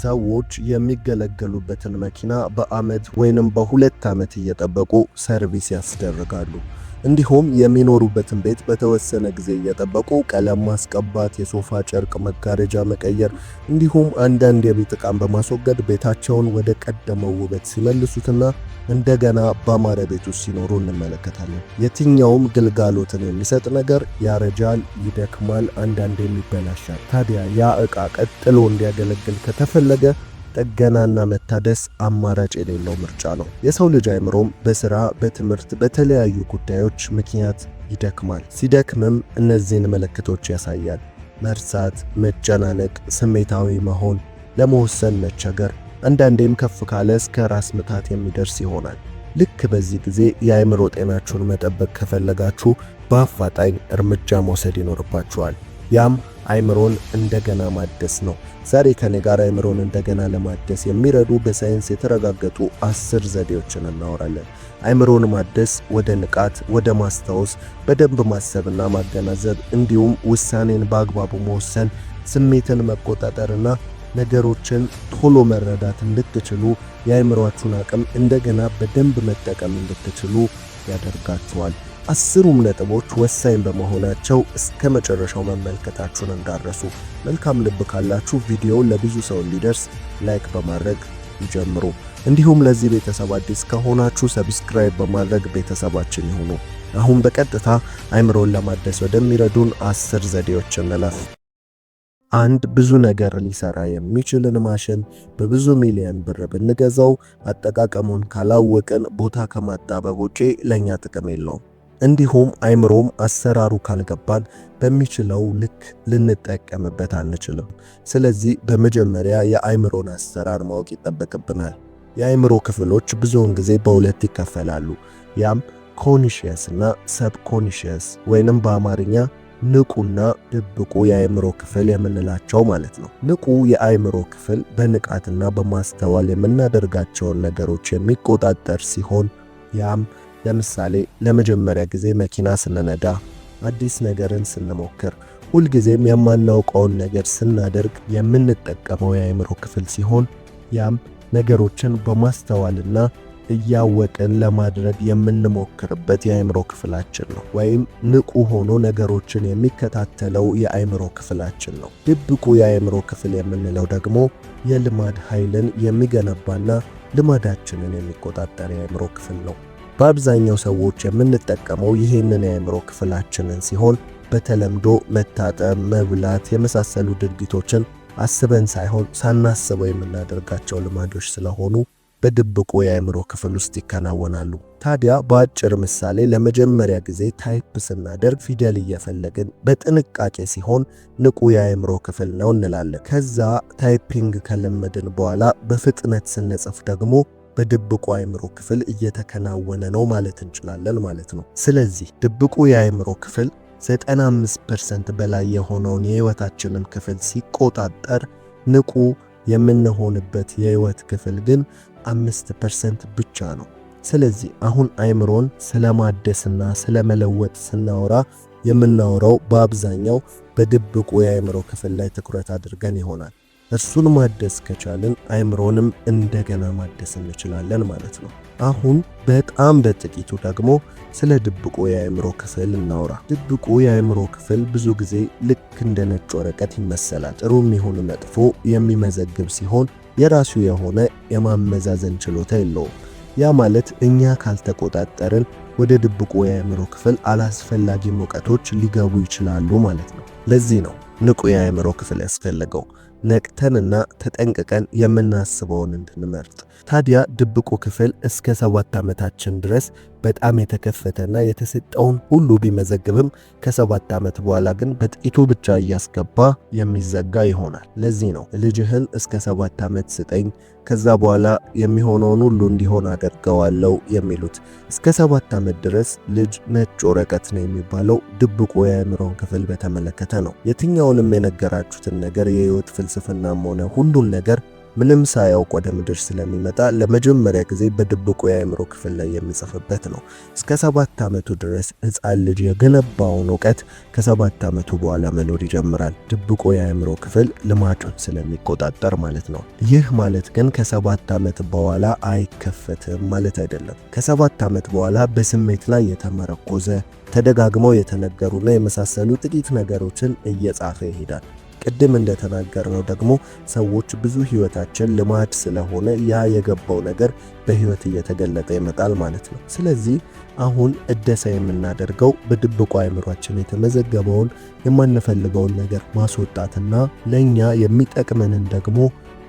ሰዎች የሚገለገሉበትን መኪና በአመት ወይንም በሁለት አመት እየጠበቁ ሰርቪስ ያስደርጋሉ። እንዲሁም የሚኖሩበትን ቤት በተወሰነ ጊዜ እየጠበቁ ቀለም ማስቀባት፣ የሶፋ ጨርቅ መጋረጃ መቀየር እንዲሁም አንዳንድ የቤት ዕቃን በማስወገድ ቤታቸውን ወደ ቀደመው ውበት ሲመልሱትና እንደገና በአማረ ቤት ውስጥ ሲኖሩ እንመለከታለን። የትኛውም ግልጋሎትን የሚሰጥ ነገር ያረጃል፣ ይደክማል፣ አንዳንድ የሚበላሻል። ታዲያ ያ ዕቃ ቀጥሎ እንዲያገለግል ከተፈለገ ጥገናና መታደስ አማራጭ የሌለው ምርጫ ነው። የሰው ልጅ አይምሮም በስራ፣ በትምህርት፣ በተለያዩ ጉዳዮች ምክንያት ይደክማል። ሲደክምም እነዚህን ምልክቶች ያሳያል። መርሳት፣ መጨናነቅ፣ ስሜታዊ መሆን፣ ለመወሰን መቸገር፣ አንዳንዴም ከፍ ካለ እስከ ራስ ምታት የሚደርስ ይሆናል። ልክ በዚህ ጊዜ የአእምሮ ጤናችሁን መጠበቅ ከፈለጋችሁ በአፋጣኝ እርምጃ መውሰድ ይኖርባችኋል። ያም አይምሮን እንደገና ማደስ ነው። ዛሬ ከኔ ጋር አይምሮን እንደገና ለማደስ የሚረዱ በሳይንስ የተረጋገጡ አስር ዘዴዎችን እናወራለን። አይምሮን ማደስ ወደ ንቃት፣ ወደ ማስታወስ፣ በደንብ ማሰብና ማገናዘብ እንዲሁም ውሳኔን በአግባቡ መወሰን፣ ስሜትን መቆጣጠርና ነገሮችን ቶሎ መረዳት እንድትችሉ የአይምሯችሁን አቅም እንደገና በደንብ መጠቀም እንድትችሉ ያደርጋችኋል። አስሩም ነጥቦች ወሳኝ በመሆናቸው እስከ መጨረሻው መመልከታችሁን እንዳረሱ። መልካም ልብ ካላችሁ ቪዲዮ ለብዙ ሰው እንዲደርስ ላይክ በማድረግ ይጀምሩ። እንዲሁም ለዚህ ቤተሰብ አዲስ ከሆናችሁ ሰብስክራይብ በማድረግ ቤተሰባችን ይሁኑ። አሁን በቀጥታ አይምሮን ለማደስ ወደሚረዱን አስር ዘዴዎች እንለፍ። አንድ ብዙ ነገር ሊሰራ የሚችልን ማሽን በብዙ ሚሊዮን ብር ብንገዛው አጠቃቀሙን ካላወቅን ቦታ ከማጣበብ ውጪ ለኛ ጥቅም የለውም። እንዲሁም አይምሮም አሰራሩ ካልገባን በሚችለው ልክ ልንጠቀምበት አንችልም። ስለዚህ በመጀመሪያ የአይምሮን አሰራር ማወቅ ይጠበቅብናል። የአይምሮ ክፍሎች ብዙውን ጊዜ በሁለት ይከፈላሉ። ያም ኮንሺየስ እና ሰብኮንሺየስ ወይንም በአማርኛ ንቁና ድብቁ የአእምሮ ክፍል የምንላቸው ማለት ነው። ንቁ የአእምሮ ክፍል በንቃትና በማስተዋል የምናደርጋቸውን ነገሮች የሚቆጣጠር ሲሆን ያም ለምሳሌ ለመጀመሪያ ጊዜ መኪና ስንነዳ፣ አዲስ ነገርን ስንሞክር፣ ሁልጊዜም የማናውቀውን ነገር ስናደርግ የምንጠቀመው የአእምሮ ክፍል ሲሆን ያም ነገሮችን በማስተዋልና እያወቅን ለማድረግ የምንሞክርበት የአእምሮ ክፍላችን ነው። ወይም ንቁ ሆኖ ነገሮችን የሚከታተለው የአእምሮ ክፍላችን ነው። ድብቁ የአእምሮ ክፍል የምንለው ደግሞ የልማድ ኃይልን የሚገነባና ልማዳችንን የሚቆጣጠር የአእምሮ ክፍል ነው። በአብዛኛው ሰዎች የምንጠቀመው ይህንን የአእምሮ ክፍላችንን ሲሆን በተለምዶ መታጠብ፣ መብላት የመሳሰሉ ድርጊቶችን አስበን ሳይሆን ሳናስበው የምናደርጋቸው ልማዶች ስለሆኑ በድብቁ የአእምሮ ክፍል ውስጥ ይከናወናሉ። ታዲያ በአጭር ምሳሌ ለመጀመሪያ ጊዜ ታይፕ ስናደርግ ፊደል እየፈለግን በጥንቃቄ ሲሆን ንቁ የአእምሮ ክፍል ነው እንላለን። ከዛ ታይፒንግ ከለመድን በኋላ በፍጥነት ስንጽፍ ደግሞ በድብቁ አእምሮ ክፍል እየተከናወነ ነው ማለት እንችላለን ማለት ነው። ስለዚህ ድብቁ የአእምሮ ክፍል 95% በላይ የሆነውን የህይወታችንን ክፍል ሲቆጣጠር ንቁ የምንሆንበት የህይወት ክፍል ግን 5% ብቻ ነው። ስለዚህ አሁን አእምሮን ስለማደስና ስለመለወጥ ስናወራ የምናወራው በአብዛኛው በድብቁ የአእምሮ ክፍል ላይ ትኩረት አድርገን ይሆናል። እሱን ማደስ ከቻልን አእምሮንም እንደገና ማደስ እንችላለን ማለት ነው። አሁን በጣም በጥቂቱ ደግሞ ስለ ድብቁ የአእምሮ ክፍል እናውራ። ድብቁ የአእምሮ ክፍል ብዙ ጊዜ ልክ እንደ ነጭ ወረቀት ይመሰላል። ጥሩ የሚሆን መጥፎ የሚመዘግብ ሲሆን የራሱ የሆነ የማመዛዘን ችሎታ የለውም። ያ ማለት እኛ ካልተቆጣጠርን ወደ ድብቁ የአእምሮ ክፍል አላስፈላጊ ሙቀቶች ሊገቡ ይችላሉ ማለት ነው። ለዚህ ነው ንቁ የአእምሮ ክፍል ያስፈለገው። ነቅተንና ተጠንቅቀን የምናስበውን እንድንመርጥ። ታዲያ ድብቁ ክፍል እስከ ሰባት ዓመታችን ድረስ በጣም የተከፈተና የተሰጠውን ሁሉ ቢመዘግብም ከሰባት ዓመት በኋላ ግን በጥቂቱ ብቻ እያስገባ የሚዘጋ ይሆናል። ለዚህ ነው ልጅህን እስከ ሰባት ዓመት ስጠኝ ከዛ በኋላ የሚሆነውን ሁሉ እንዲሆን አደርገዋለሁ የሚሉት። እስከ ሰባት ዓመት ድረስ ልጅ ነጭ ወረቀት ነው የሚባለው ድብቁ የአእምሮን ክፍል በተመለከተ ነው። የትኛውንም የነገራችሁትን ነገር የህይወት ፍልስፍናም ሆነ ሁሉን ነገር ምንም ሳያውቅ ወደ ምድር ስለሚመጣ ለመጀመሪያ ጊዜ በድብቁ የአእምሮ ክፍል ላይ የሚጽፍበት ነው። እስከ ሰባት ዓመቱ ድረስ ሕፃን ልጅ የገነባውን እውቀት ከሰባት ዓመቱ በኋላ መኖር ይጀምራል። ድብቁ የአእምሮ ክፍል ልማጩን ስለሚቆጣጠር ማለት ነው። ይህ ማለት ግን ከሰባት ዓመት በኋላ አይከፈትም ማለት አይደለም። ከሰባት ዓመት በኋላ በስሜት ላይ የተመረኮዘ ተደጋግመው የተነገሩና የመሳሰሉ ጥቂት ነገሮችን እየጻፈ ይሄዳል። ቅድም እንደተናገርነው ደግሞ ሰዎች ብዙ ህይወታችን ልማድ ስለሆነ ያ የገባው ነገር በህይወት እየተገለጠ ይመጣል ማለት ነው። ስለዚህ አሁን እደሳ የምናደርገው በድብቁ አእምሯችን የተመዘገበውን የማንፈልገውን ነገር ማስወጣትና ለእኛ የሚጠቅመንን ደግሞ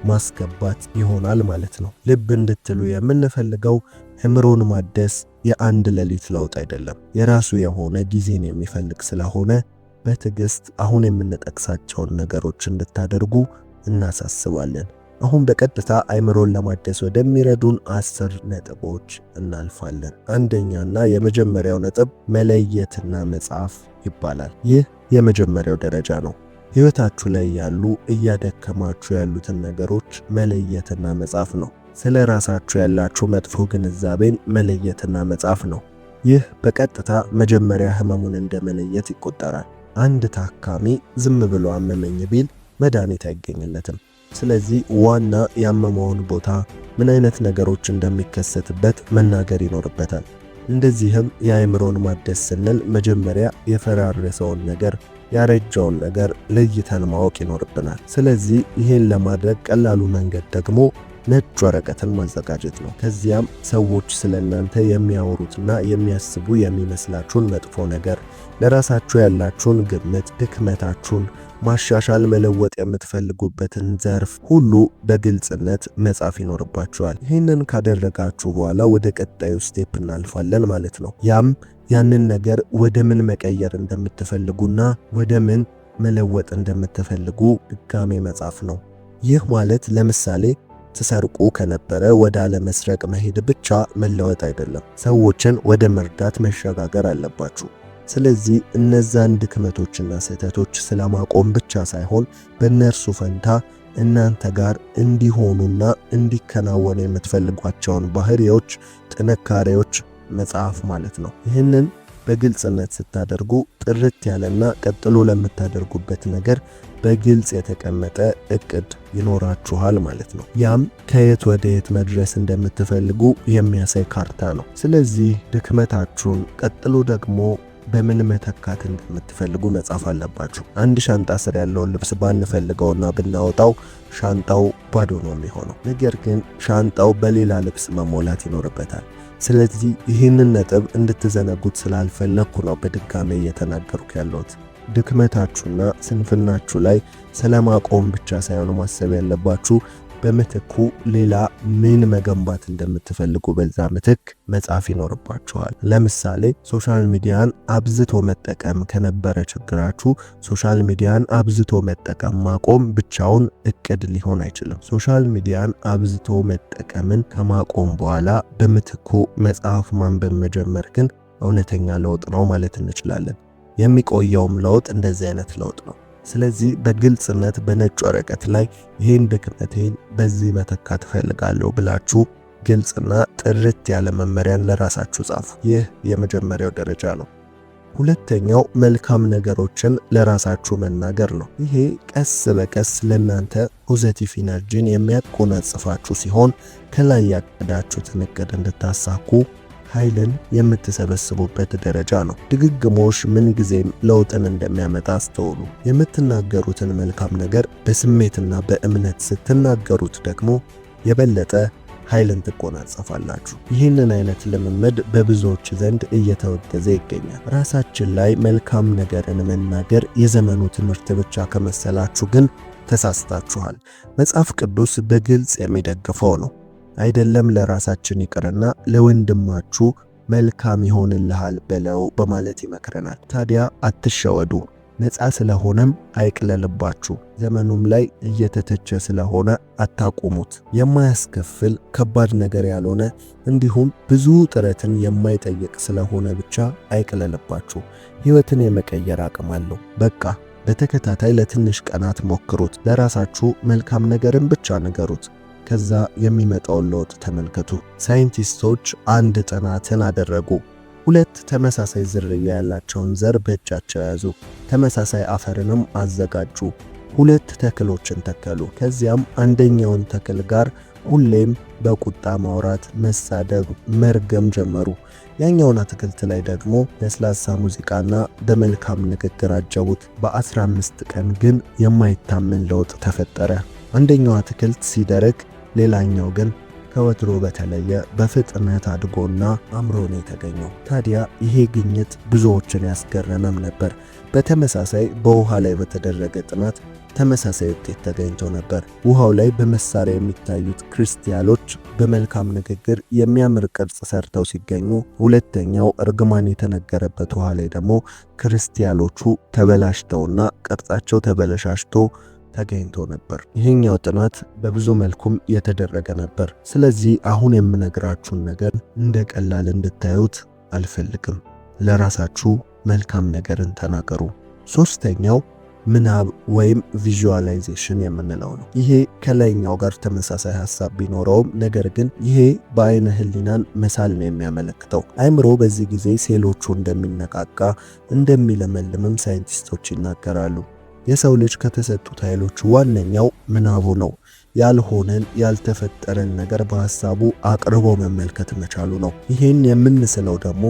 ማስገባት ይሆናል ማለት ነው። ልብ እንድትሉ የምንፈልገው አእምሮን ማደስ የአንድ ሌሊት ለውጥ አይደለም። የራሱ የሆነ ጊዜን የሚፈልግ ስለሆነ በትዕግስት አሁን የምንጠቅሳቸውን ነገሮች እንድታደርጉ እናሳስባለን። አሁን በቀጥታ አይምሮን ለማደስ ወደሚረዱን አስር ነጥቦች እናልፋለን። አንደኛና የመጀመሪያው ነጥብ መለየትና መጻፍ ይባላል። ይህ የመጀመሪያው ደረጃ ነው። ሕይወታችሁ ላይ ያሉ እያደከማችሁ ያሉትን ነገሮች መለየትና መጻፍ ነው። ስለ ራሳችሁ ያላችሁ መጥፎ ግንዛቤን መለየትና መጻፍ ነው። ይህ በቀጥታ መጀመሪያ ህመሙን እንደመለየት ይቆጠራል። አንድ ታካሚ ዝም ብሎ አመመኝ ቢል መድኃኒት አይገኝለትም። ስለዚህ ዋና ያመመውን ቦታ፣ ምን አይነት ነገሮች እንደሚከሰትበት መናገር ይኖርበታል። እንደዚህም የአእምሮን ማደስ ስንል መጀመሪያ የፈራረሰውን ነገር ያረጀውን ነገር ለይተን ማወቅ ይኖርብናል። ስለዚህ ይህን ለማድረግ ቀላሉ መንገድ ደግሞ ነጭ ወረቀትን ማዘጋጀት ነው። ከዚያም ሰዎች ስለ እናንተ የሚያወሩትና የሚያስቡ የሚመስላችሁን መጥፎ ነገር፣ ለራሳችሁ ያላችሁን ግምት፣ ድክመታችሁን፣ ማሻሻል መለወጥ የምትፈልጉበትን ዘርፍ ሁሉ በግልጽነት መጻፍ ይኖርባችኋል። ይህንን ካደረጋችሁ በኋላ ወደ ቀጣዩ ስቴፕ እናልፋለን ማለት ነው። ያም ያንን ነገር ወደ ምን መቀየር እንደምትፈልጉና ወደ ምን መለወጥ እንደምትፈልጉ ድጋሜ መጻፍ ነው። ይህ ማለት ለምሳሌ ትሰርቁ ከነበረ ወደ አለመስረቅ መሄድ ብቻ መለወጥ አይደለም፣ ሰዎችን ወደ መርዳት መሸጋገር አለባችሁ። ስለዚህ እነዛን ድክመቶችና ስህተቶች ስለማቆም ብቻ ሳይሆን በእነርሱ ፈንታ እናንተ ጋር እንዲሆኑና እንዲከናወኑ የምትፈልጓቸውን ባህሪዎች፣ ጥንካሬዎች መጽሐፍ ማለት ነው። ይህንን በግልጽነት ስታደርጉ ጥርት ያለና ቀጥሎ ለምታደርጉበት ነገር በግልጽ የተቀመጠ እቅድ ይኖራችኋል ማለት ነው። ያም ከየት ወደ የት መድረስ እንደምትፈልጉ የሚያሳይ ካርታ ነው። ስለዚህ ድክመታችሁን፣ ቀጥሎ ደግሞ በምን መተካት እንደምትፈልጉ መጻፍ አለባችሁ። አንድ ሻንጣ ስር ያለውን ልብስ ባንፈልገውና ብናወጣው ሻንጣው ባዶ ነው የሚሆነው። ነገር ግን ሻንጣው በሌላ ልብስ መሞላት ይኖርበታል። ስለዚህ ይህንን ነጥብ እንድትዘነጉት ስላልፈለግኩ ነው በድጋሜ እየተናገርኩ ያለሁት። ድክመታችሁና ስንፍናችሁ ላይ ስለማቆም ብቻ ሳይሆን ማሰብ ያለባችሁ በምትኩ ሌላ ምን መገንባት እንደምትፈልጉ በዛ ምትክ መጻፍ ይኖርባችኋል። ለምሳሌ ሶሻል ሚዲያን አብዝቶ መጠቀም ከነበረ ችግራችሁ ሶሻል ሚዲያን አብዝቶ መጠቀም ማቆም ብቻውን እቅድ ሊሆን አይችልም። ሶሻል ሚዲያን አብዝቶ መጠቀምን ከማቆም በኋላ በምትኩ መጽሐፍ ማንበብ መጀመር ግን እውነተኛ ለውጥ ነው ማለት እንችላለን። የሚቆየውም ለውጥ እንደዚህ አይነት ለውጥ ነው። ስለዚህ በግልጽነት በነጭ ወረቀት ላይ ይህን ድክመቴን በዚህ መተካት እፈልጋለሁ ብላችሁ ግልጽና ጥርት ያለ መመሪያን ለራሳችሁ ጻፉ። ይህ የመጀመሪያው ደረጃ ነው። ሁለተኛው መልካም ነገሮችን ለራሳችሁ መናገር ነው። ይሄ ቀስ በቀስ ለእናንተ ፖዘቲቭ ኢነርጂን የሚያቆናጽፋችሁ ሲሆን ከላይ ያቀዳችሁትን እቅድ እንድታሳኩ ኃይልን የምትሰበስቡበት ደረጃ ነው። ድግግሞሽ ምንጊዜም ለውጥን እንደሚያመጣ አስተውሉ። የምትናገሩትን መልካም ነገር በስሜትና በእምነት ስትናገሩት ደግሞ የበለጠ ኃይልን ትጎናጸፋላችሁ። ይህንን አይነት ልምምድ በብዙዎች ዘንድ እየተወገዘ ይገኛል። ራሳችን ላይ መልካም ነገርን መናገር የዘመኑ ትምህርት ብቻ ከመሰላችሁ ግን ተሳስታችኋል። መጽሐፍ ቅዱስ በግልጽ የሚደግፈው ነው። አይደለም ለራሳችን ይቅርና ለወንድማችሁ መልካም ይሆንልሃል በለው በማለት ይመክረናል። ታዲያ አትሸወዱ። ነፃ ስለሆነም አይቅለልባችሁ። ዘመኑም ላይ እየተተቸ ስለሆነ አታቁሙት። የማያስከፍል ከባድ ነገር ያልሆነ እንዲሁም ብዙ ጥረትን የማይጠይቅ ስለሆነ ብቻ አይቅለልባችሁ። ሕይወትን የመቀየር አቅም አለው። በቃ በተከታታይ ለትንሽ ቀናት ሞክሩት። ለራሳችሁ መልካም ነገርን ብቻ ንገሩት። ከዛ የሚመጣውን ለውጥ ተመልከቱ። ሳይንቲስቶች አንድ ጥናትን አደረጉ። ሁለት ተመሳሳይ ዝርያ ያላቸውን ዘር በእጃቸው ያዙ። ተመሳሳይ አፈርንም አዘጋጁ። ሁለት ተክሎችን ተከሉ። ከዚያም አንደኛውን ተክል ጋር ሁሌም በቁጣ ማውራት፣ መሳደብ፣ መርገም ጀመሩ። ያኛውን አትክልት ላይ ደግሞ ለስላሳ ሙዚቃና በመልካም ንግግር አጀቡት። በ15 ቀን ግን የማይታመን ለውጥ ተፈጠረ። አንደኛው አትክልት ሲደረግ ሌላኛው ግን ከወትሮ በተለየ በፍጥነት አድጎና አምሮ ነው የተገኘው። ታዲያ ይሄ ግኝት ብዙዎችን ያስገረመም ነበር። በተመሳሳይ በውሃ ላይ በተደረገ ጥናት ተመሳሳይ ውጤት ተገኝቶ ነበር። ውሃው ላይ በመሳሪያ የሚታዩት ክሪስታሎች በመልካም ንግግር የሚያምር ቅርጽ ሰርተው ሲገኙ፣ ሁለተኛው እርግማን የተነገረበት ውሃ ላይ ደግሞ ክሪስታሎቹ ተበላሽተውና ቅርጻቸው ተበለሻሽቶ ተገኝቶ ነበር። ይህኛው ጥናት በብዙ መልኩም የተደረገ ነበር። ስለዚህ አሁን የምነግራችሁን ነገር እንደ ቀላል እንድታዩት አልፈልግም። ለራሳችሁ መልካም ነገርን ተናገሩ። ሶስተኛው ምናብ ወይም ቪዥዋላይዜሽን የምንለው ነው። ይሄ ከላይኛው ጋር ተመሳሳይ ሀሳብ ቢኖረውም ነገር ግን ይሄ በአይነ ህሊናን መሳል ነው የሚያመለክተው። አይምሮ በዚህ ጊዜ ሴሎቹ እንደሚነቃቃ እንደሚለመልምም ሳይንቲስቶች ይናገራሉ። የሰው ልጅ ከተሰጡት ኃይሎች ዋነኛው ምናቡ ነው። ያልሆነን ያልተፈጠረን ነገር በሀሳቡ አቅርቦ መመልከት መቻሉ ነው። ይህን የምንስለው ደግሞ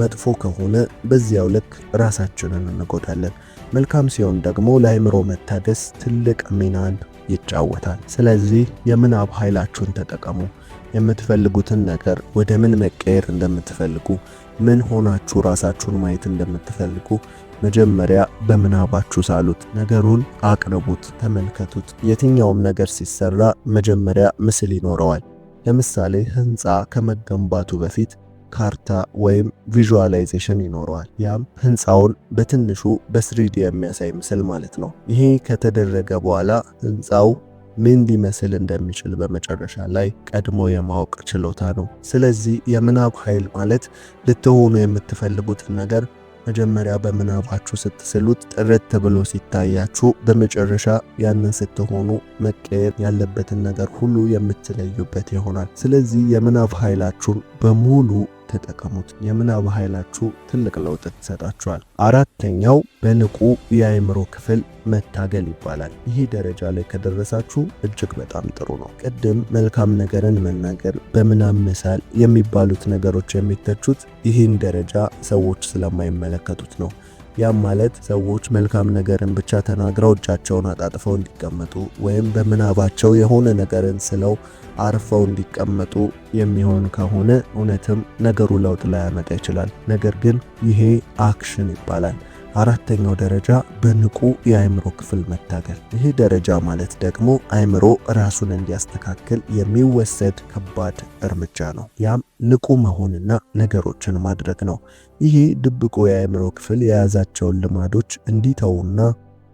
መጥፎ ከሆነ በዚያው ልክ ራሳችንን እንጎዳለን። መልካም ሲሆን ደግሞ ለአይምሮ መታደስ ትልቅ ሚናን ይጫወታል። ስለዚህ የምናብ ኃይላችሁን ተጠቀሙ። የምትፈልጉትን ነገር ወደ ምን መቀየር እንደምትፈልጉ ምን ሆናችሁ ራሳችሁን ማየት እንደምትፈልጉ መጀመሪያ በምናባችሁ ሳሉት፣ ነገሩን አቅርቡት፣ ተመልከቱት። የትኛውም ነገር ሲሰራ መጀመሪያ ምስል ይኖረዋል። ለምሳሌ ህንፃ ከመገንባቱ በፊት ካርታ ወይም ቪዥዋላይዜሽን ይኖረዋል። ያም ህንፃውን በትንሹ በስሪዲ የሚያሳይ ምስል ማለት ነው። ይሄ ከተደረገ በኋላ ህንፃው ምን ሊመስል እንደሚችል በመጨረሻ ላይ ቀድሞ የማወቅ ችሎታ ነው። ስለዚህ የምናብ ኃይል ማለት ልትሆኑ የምትፈልጉትን ነገር መጀመሪያ በምናባችሁ ስትስሉት ጥርት ብሎ ሲታያችሁ በመጨረሻ ያንን ስትሆኑ መቀየር ያለበትን ነገር ሁሉ የምትለዩበት ይሆናል። ስለዚህ የምናብ ኃይላችሁን በሙሉ ተጠቀሙት። የምናብ ኃይላችሁ ትልቅ ለውጥ ይሰጣችኋል። አራተኛው በንቁ የአእምሮ ክፍል መታገል ይባላል። ይህ ደረጃ ላይ ከደረሳችሁ እጅግ በጣም ጥሩ ነው። ቅድም መልካም ነገርን መናገር፣ በምናብ መሳል የሚባሉት ነገሮች የሚተቹት ይህን ደረጃ ሰዎች ስለማይመለከቱት ነው። ያም ማለት ሰዎች መልካም ነገርን ብቻ ተናግረው እጃቸውን አጣጥፈው እንዲቀመጡ ወይም በምናባቸው የሆነ ነገርን ስለው አርፈው እንዲቀመጡ የሚሆን ከሆነ እውነትም ነገሩ ለውጥ ላያመጣ ይችላል። ነገር ግን ይሄ አክሽን ይባላል። አራተኛው ደረጃ በንቁ የአእምሮ ክፍል መታገል። ይህ ደረጃ ማለት ደግሞ አእምሮ ራሱን እንዲያስተካክል የሚወሰድ ከባድ እርምጃ ነው። ያም ንቁ መሆንና ነገሮችን ማድረግ ነው። ይህ ድብቁ የአእምሮ ክፍል የያዛቸውን ልማዶች እንዲተውና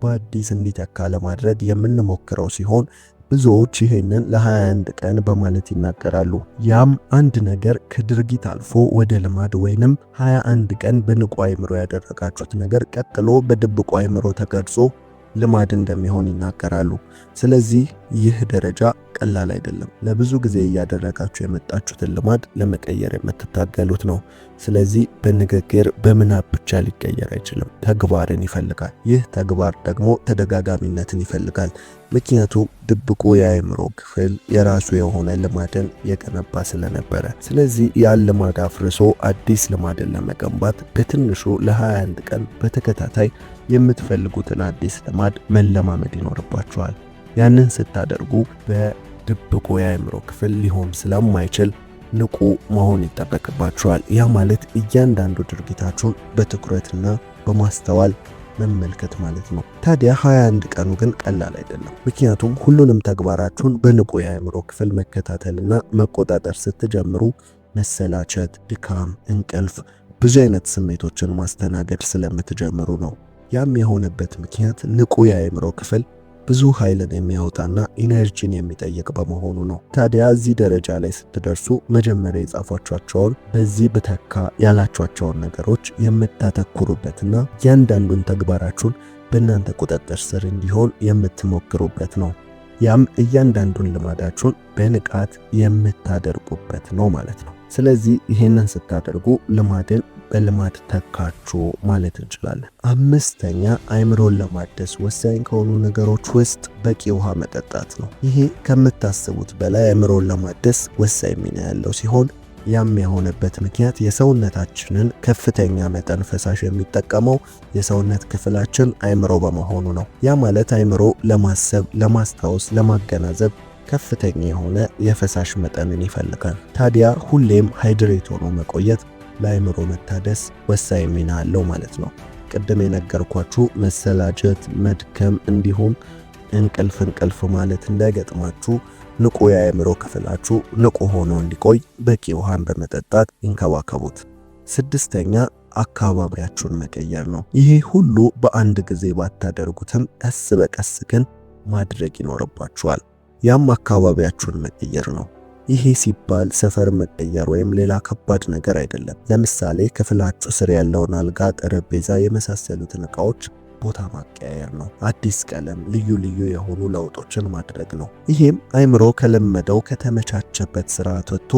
በአዲስ እንዲተካ ለማድረግ የምንሞክረው ሲሆን ብዙዎች ይህንን ለ21 ቀን በማለት ይናገራሉ። ያም አንድ ነገር ከድርጊት አልፎ ወደ ልማድ ወይንም 21 ቀን በንቁ አእምሮ ያደረጋችሁት ነገር ቀጥሎ በድብቁ አእምሮ ተቀርጾ ልማድ እንደሚሆን ይናገራሉ። ስለዚህ ይህ ደረጃ ቀላል አይደለም። ለብዙ ጊዜ እያደረጋችሁ የመጣችሁትን ልማድ ለመቀየር የምትታገሉት ነው። ስለዚህ በንግግር በምናብ ብቻ ሊቀየር አይችልም፣ ተግባርን ይፈልጋል። ይህ ተግባር ደግሞ ተደጋጋሚነትን ይፈልጋል። ምክንያቱም ድብቁ የአእምሮ ክፍል የራሱ የሆነ ልማድን የገነባ ስለነበረ፣ ስለዚህ ያን ልማድ አፍርሶ አዲስ ልማድን ለመገንባት በትንሹ ለ21 ቀን በተከታታይ የምትፈልጉትን አዲስ ልማድ መለማመድ ይኖርባችኋል። ያንን ስታደርጉ በድብቁ የአእምሮ ክፍል ሊሆን ስለማይችል ንቁ መሆን ይጠበቅባችኋል። ያ ማለት እያንዳንዱ ድርጊታችሁን በትኩረትና በማስተዋል መመልከት ማለት ነው። ታዲያ 21 ቀኑ ግን ቀላል አይደለም። ምክንያቱም ሁሉንም ተግባራችሁን በንቁ የአእምሮ ክፍል መከታተልና መቆጣጠር ስትጀምሩ መሰላቸት፣ ድካም፣ እንቅልፍ፣ ብዙ አይነት ስሜቶችን ማስተናገድ ስለምትጀምሩ ነው። ያም የሆነበት ምክንያት ንቁ የአእምሮ ክፍል ብዙ ኃይልን የሚያወጣና ኢነርጂን የሚጠይቅ በመሆኑ ነው። ታዲያ እዚህ ደረጃ ላይ ስትደርሱ መጀመሪያ የጻፏቸውን በዚህ ብተካ ያላቸዋቸውን ነገሮች የምታተኩሩበትና እያንዳንዱን ተግባራችሁን በእናንተ ቁጥጥር ስር እንዲሆን የምትሞክሩበት ነው። ያም እያንዳንዱን ልማዳችሁን በንቃት የምታደርጉበት ነው ማለት ነው። ስለዚህ ይህንን ስታደርጉ ልማድን በልማድ ተካቹ ማለት እንችላለን። አምስተኛ አይምሮን ለማደስ ወሳኝ ከሆኑ ነገሮች ውስጥ በቂ ውሃ መጠጣት ነው። ይሄ ከምታስቡት በላይ አይምሮን ለማደስ ወሳኝ ሚና ያለው ሲሆን ያም የሆነበት ምክንያት የሰውነታችንን ከፍተኛ መጠን ፈሳሽ የሚጠቀመው የሰውነት ክፍላችን አይምሮ በመሆኑ ነው። ያ ማለት አይምሮ ለማሰብ፣ ለማስታወስ፣ ለማገናዘብ ከፍተኛ የሆነ የፈሳሽ መጠንን ይፈልጋል። ታዲያ ሁሌም ሃይድሬት ሆኖ መቆየት ለአእምሮ መታደስ ወሳኝ ሚና አለው ማለት ነው። ቅድም የነገርኳችሁ መሰላቸት፣ መድከም እንዲሁም እንቅልፍ እንቅልፍ ማለት እንዳይገጥማችሁ ንቁ የአእምሮ ክፍላችሁ ንቁ ሆኖ እንዲቆይ በቂ ውሃን በመጠጣት ይንከባከቡት። ስድስተኛ አካባቢያችሁን መቀየር ነው። ይሄ ሁሉ በአንድ ጊዜ ባታደርጉትም ቀስ በቀስ ግን ማድረግ ይኖርባችኋል። ያም አካባቢያችሁን መቀየር ነው። ይሄ ሲባል ሰፈር መቀየር ወይም ሌላ ከባድ ነገር አይደለም። ለምሳሌ ክፍላችሁ ስር ያለውን አልጋ፣ ጠረጴዛ የመሳሰሉትን እቃዎች ቦታ ማቀያየር ነው። አዲስ ቀለም፣ ልዩ ልዩ የሆኑ ለውጦችን ማድረግ ነው። ይህም አይምሮ ከለመደው ከተመቻቸበት ስርዓት ወጥቶ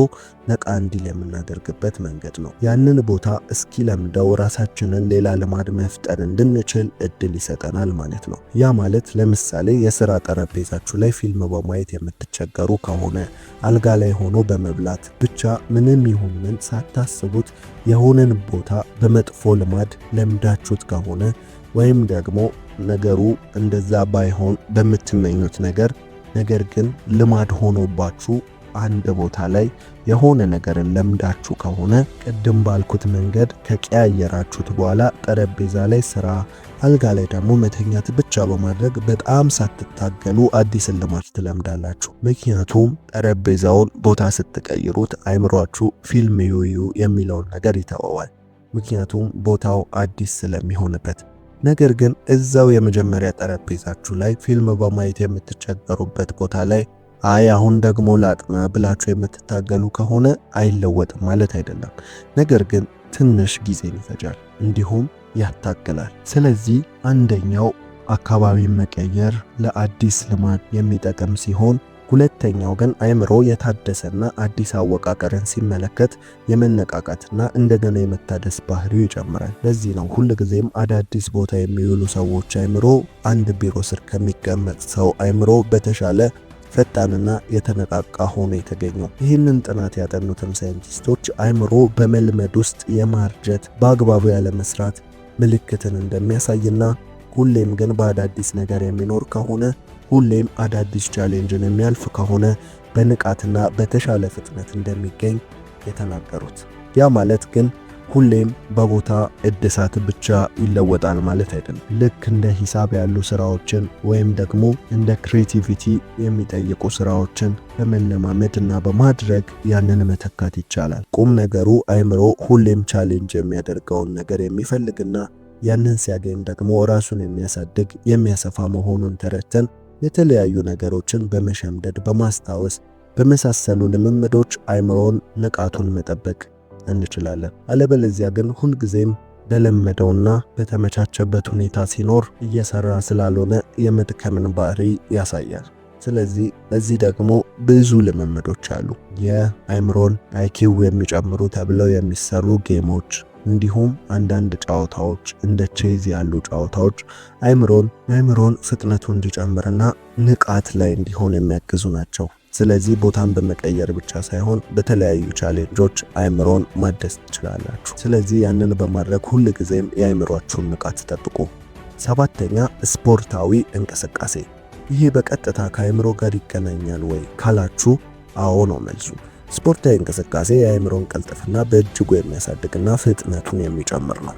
ነቃ እንዲል የምናደርግበት መንገድ ነው። ያንን ቦታ እስኪለምደው ራሳችንን ሌላ ልማድ መፍጠር እንድንችል እድል ይሰጠናል ማለት ነው። ያ ማለት ለምሳሌ የስራ ጠረጴዛችሁ ላይ ፊልም በማየት የምትቸገሩ ከሆነ አልጋ ላይ ሆኖ በመብላት ብቻ ምንም ይሁን ምን ሳታስቡት የሆነን ቦታ በመጥፎ ልማድ ለምዳችሁት ከሆነ ወይም ደግሞ ነገሩ እንደዛ ባይሆን በምትመኙት ነገር ነገር ግን ልማድ ሆኖባችሁ አንድ ቦታ ላይ የሆነ ነገርን ለምዳችሁ ከሆነ ቅድም ባልኩት መንገድ ከቀያየራችሁት በኋላ ጠረጴዛ ላይ ስራ፣ አልጋ ላይ ደግሞ መተኛት ብቻ በማድረግ በጣም ሳትታገሉ አዲስ ልማድ ትለምዳላችሁ። ምክንያቱም ጠረጴዛውን ቦታ ስትቀይሩት አይምሯችሁ ፊልም ዩዩ የሚለውን ነገር ይተወዋል። ምክንያቱም ቦታው አዲስ ስለሚሆንበት ነገር ግን እዛው የመጀመሪያ ጠረጴዛችሁ ላይ ፊልም በማየት የምትቸገሩበት ቦታ ላይ አይ አሁን ደግሞ ላጥና ብላችሁ የምትታገሉ ከሆነ አይለወጥም ማለት አይደለም። ነገር ግን ትንሽ ጊዜን ይፈጃል፣ እንዲሁም ያታግላል። ስለዚህ አንደኛው አካባቢ መቀየር ለአዲስ ልማድ የሚጠቅም ሲሆን ሁለተኛው ግን አእምሮ የታደሰና አዲስ አወቃቀርን ሲመለከት የመነቃቃትና እንደገና የመታደስ ባህሪው ይጨምራል። ለዚህ ነው ጊዜም አዳዲስ ቦታ የሚውሉ ሰዎች አእምሮ አንድ ቢሮ ስር ከሚቀመጥ ሰው አእምሮ በተሻለ ፈጣንና የተነቃቃ ሆኖ የተገኘው። ይህንን ጥናት ያጠኑትም ሳይንቲስቶች አእምሮ በመልመድ ውስጥ የማርጀት በአግባቡ ያለመስራት ምልክትን እንደሚያሳይና ሁሌም ግን በአዳዲስ ነገር የሚኖር ከሆነ ሁሌም አዳዲስ ቻሌንጅን የሚያልፍ ከሆነ በንቃትና በተሻለ ፍጥነት እንደሚገኝ የተናገሩት። ያ ማለት ግን ሁሌም በቦታ እድሳት ብቻ ይለወጣል ማለት አይደለም። ልክ እንደ ሂሳብ ያሉ ስራዎችን ወይም ደግሞ እንደ ክሬቲቪቲ የሚጠይቁ ስራዎችን በመለማመድ እና በማድረግ ያንን መተካት ይቻላል። ቁም ነገሩ አይምሮ ሁሌም ቻሌንጅ የሚያደርገውን ነገር የሚፈልግና ያንን ሲያገኝ ደግሞ ራሱን የሚያሳድግ የሚያሰፋ መሆኑን ተረድተን የተለያዩ ነገሮችን በመሸምደድ በማስታወስ በመሳሰሉ ልምምዶች አይምሮን ንቃቱን መጠበቅ እንችላለን። አለበለዚያ ግን ሁልጊዜም በለመደውና በተመቻቸበት ሁኔታ ሲኖር እየሰራ ስላልሆነ የመድከምን ባህሪ ያሳያል። ስለዚህ እዚህ ደግሞ ብዙ ልምምዶች አሉ። የአይምሮን አይኪው የሚጨምሩ ተብለው የሚሰሩ ጌሞች እንዲሁም አንዳንድ ጨዋታዎች እንደ ቼዝ ያሉ ጨዋታዎች አይምሮን አይምሮን ፍጥነቱ እንዲጨምርና ንቃት ላይ እንዲሆን የሚያግዙ ናቸው። ስለዚህ ቦታን በመቀየር ብቻ ሳይሆን በተለያዩ ቻሌንጆች አይምሮን ማደስ ትችላላችሁ። ስለዚህ ያንን በማድረግ ሁል ጊዜም የአይምሯችሁን ንቃት ጠብቁ። ሰባተኛ ስፖርታዊ እንቅስቃሴ። ይህ በቀጥታ ከአይምሮ ጋር ይገናኛል ወይ ካላችሁ አዎ ነው መልሱ። ስፖርታዊ እንቅስቃሴ የአእምሮን ቅልጥፍና በእጅጉ የሚያሳድግና ፍጥነቱን የሚጨምር ነው።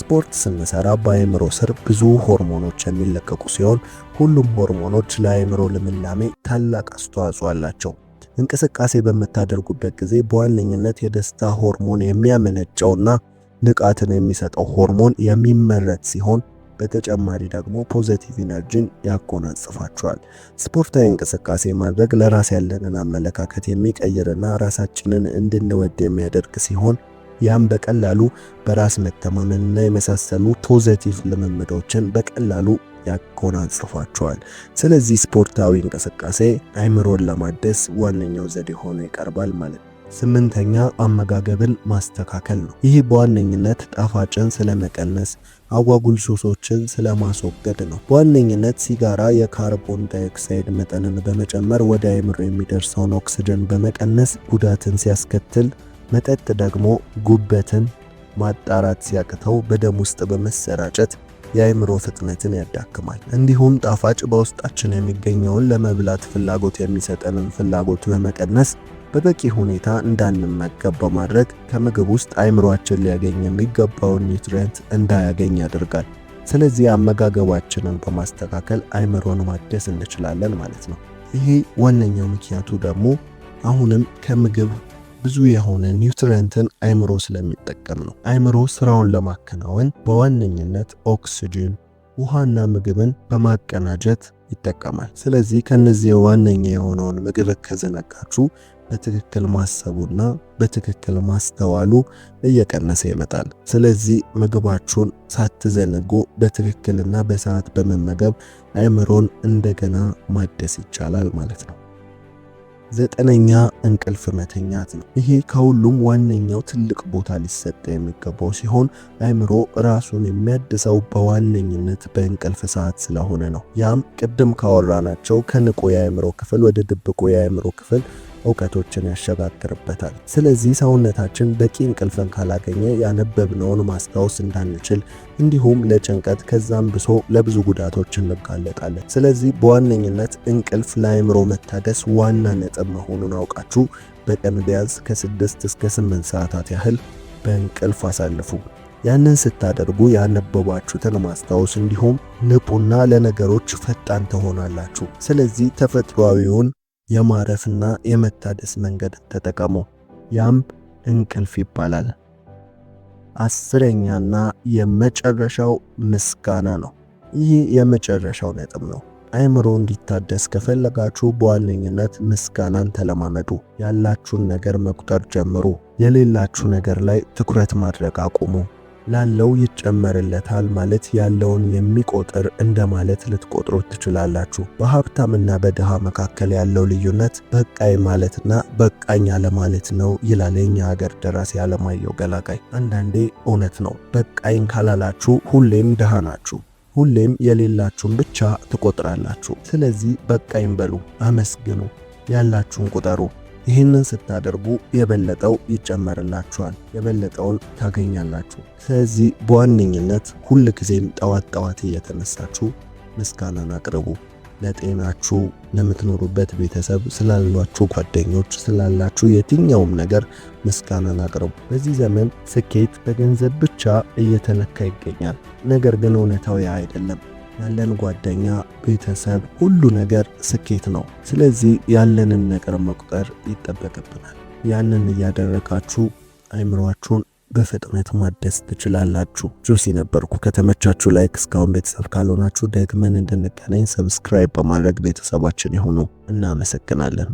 ስፖርት ስንሰራ በአእምሮ ስር ብዙ ሆርሞኖች የሚለቀቁ ሲሆን ሁሉም ሆርሞኖች ለአእምሮ ልምላሜ ታላቅ አስተዋጽኦ አላቸው። እንቅስቃሴ በምታደርጉበት ጊዜ በዋነኝነት የደስታ ሆርሞን የሚያመነጨውና ንቃትን የሚሰጠው ሆርሞን የሚመረት ሲሆን በተጨማሪ ደግሞ ፖዘቲቭ ኢነርጂን ያጎናጽፋቸዋል። ስፖርታዊ እንቅስቃሴ ማድረግ ለራስ ያለንን አመለካከት የሚቀይርና ራሳችንን እንድንወድ የሚያደርግ ሲሆን ያም በቀላሉ በራስ መተማመንና የመሳሰሉ ፖዘቲቭ ልምምዶችን በቀላሉ ያጎናጽፏቸዋል። ስለዚህ ስፖርታዊ እንቅስቃሴ አይምሮን ለማደስ ዋነኛው ዘዴ ሆኖ ይቀርባል ማለት ነው። ስምንተኛ አመጋገብን ማስተካከል ነው። ይህ በዋነኝነት ጣፋጭን ስለመቀነስ አጓጉል ሱሶችን ስለማስወገድ ነው። በዋነኝነት ሲጋራ የካርቦን ዳይኦክሳይድ መጠንን በመጨመር ወደ አይምሮ የሚደርሰውን ኦክስጅን በመቀነስ ጉዳትን ሲያስከትል፣ መጠጥ ደግሞ ጉበትን ማጣራት ሲያቅተው በደም ውስጥ በመሰራጨት የአእምሮ ፍጥነትን ያዳክማል። እንዲሁም ጣፋጭ በውስጣችን የሚገኘውን ለመብላት ፍላጎት የሚሰጠንን ፍላጎት በመቀነስ በበቂ ሁኔታ እንዳንመገብ በማድረግ ከምግብ ውስጥ አይምሯችን ሊያገኝ የሚገባውን ኒውትሪየንት እንዳያገኝ ያደርጋል። ስለዚህ አመጋገባችንን በማስተካከል አይምሮን ማደስ እንችላለን ማለት ነው። ይሄ ዋነኛው ምክንያቱ ደግሞ አሁንም ከምግብ ብዙ የሆነ ኒውትሪየንትን አይምሮ ስለሚጠቀም ነው። አይምሮ ስራውን ለማከናወን በዋነኝነት ኦክስጅን፣ ውሃና ምግብን በማቀናጀት ይጠቀማል። ስለዚህ ከነዚህ ዋነኛ የሆነውን ምግብ ከዘነጋችሁ በትክክል ማሰቡና በትክክል ማስተዋሉ እየቀነሰ ይመጣል። ስለዚህ ምግባችሁን ሳትዘነጉ በትክክልና በሰዓት በመመገብ አእምሮን እንደገና ማደስ ይቻላል ማለት ነው። ዘጠነኛ እንቅልፍ መተኛት ነው። ይሄ ከሁሉም ዋነኛው ትልቅ ቦታ ሊሰጠ የሚገባው ሲሆን አእምሮ ራሱን የሚያድሰው በዋነኝነት በእንቅልፍ ሰዓት ስለሆነ ነው። ያም ቅድም ካወራናቸው ከንቁ የአእምሮ ክፍል ወደ ድብቁ የአእምሮ ክፍል እውቀቶችን ያሸጋግርበታል። ስለዚህ ሰውነታችን በቂ እንቅልፍን ካላገኘ ያነበብነውን ማስታወስ እንዳንችል እንዲሁም ለጭንቀት ከዛም ብሶ ለብዙ ጉዳቶች እንጋለጣለን። ስለዚህ በዋነኝነት እንቅልፍ ለአእምሮ መታደስ ዋና ነጥብ መሆኑን አውቃችሁ በቀን ቢያንስ ከ6 እስከ 8 ሰዓታት ያህል በእንቅልፍ አሳልፉ። ያንን ስታደርጉ ያነበባችሁትን ማስታወስ እንዲሁም ንቁና ለነገሮች ፈጣን ትሆናላችሁ። ስለዚህ ተፈጥሯዊውን የማረፍና የመታደስ መንገድን ተጠቀሙ። ያም እንቅልፍ ይባላል። አስረኛና የመጨረሻው ምስጋና ነው። ይህ የመጨረሻው ነጥብ ነው። አይምሮ እንዲታደስ ከፈለጋችሁ በዋነኝነት ምስጋናን ተለማመዱ። ያላችሁን ነገር መቁጠር ጀምሩ። የሌላችሁ ነገር ላይ ትኩረት ማድረግ አቁሙ። ላለው ይጨመርለታል ማለት ያለውን የሚቆጥር እንደማለት ልትቆጥሩት ትችላላችሁ። በሀብታምና በድሃ መካከል ያለው ልዩነት በቃይ ማለትና በቃኝ አለማለት ነው ይላል የኛ ሀገር ደራሲ አለማየሁ ገላጋይ። አንዳንዴ እውነት ነው። በቃይን ካላላችሁ ሁሌም ድሃ ናችሁ። ሁሌም የሌላችሁን ብቻ ትቆጥራላችሁ። ስለዚህ በቃኝ በሉ፣ አመስግኑ፣ ያላችሁን ቁጠሩ። ይህንን ስታደርጉ የበለጠው ይጨመርላችኋል፣ የበለጠውን ታገኛላችሁ። ስለዚህ በዋነኝነት ሁል ጊዜም ጠዋት ጠዋት እየተነሳችሁ ምስጋናን አቅርቡ። ለጤናችሁ፣ ለምትኖሩበት ቤተሰብ፣ ስላሏችሁ ጓደኞች፣ ስላላችሁ የትኛውም ነገር ምስጋናን አቅርቡ። በዚህ ዘመን ስኬት በገንዘብ ብቻ እየተለካ ይገኛል። ነገር ግን እውነታው ያ አይደለም። ያለን ጓደኛ፣ ቤተሰብ፣ ሁሉ ነገር ስኬት ነው። ስለዚህ ያለንን ነገር መቁጠር ይጠበቅብናል። ያንን እያደረጋችሁ አይምሯችሁን በፍጥነት ማደስ ትችላላችሁ። ጆሲ ነበርኩ። ከተመቻችሁ ላይክ፣ እስካሁን ቤተሰብ ካልሆናችሁ ደግመን እንድንገናኝ ሰብስክራይብ በማድረግ ቤተሰባችን የሆኑ እናመሰግናለን።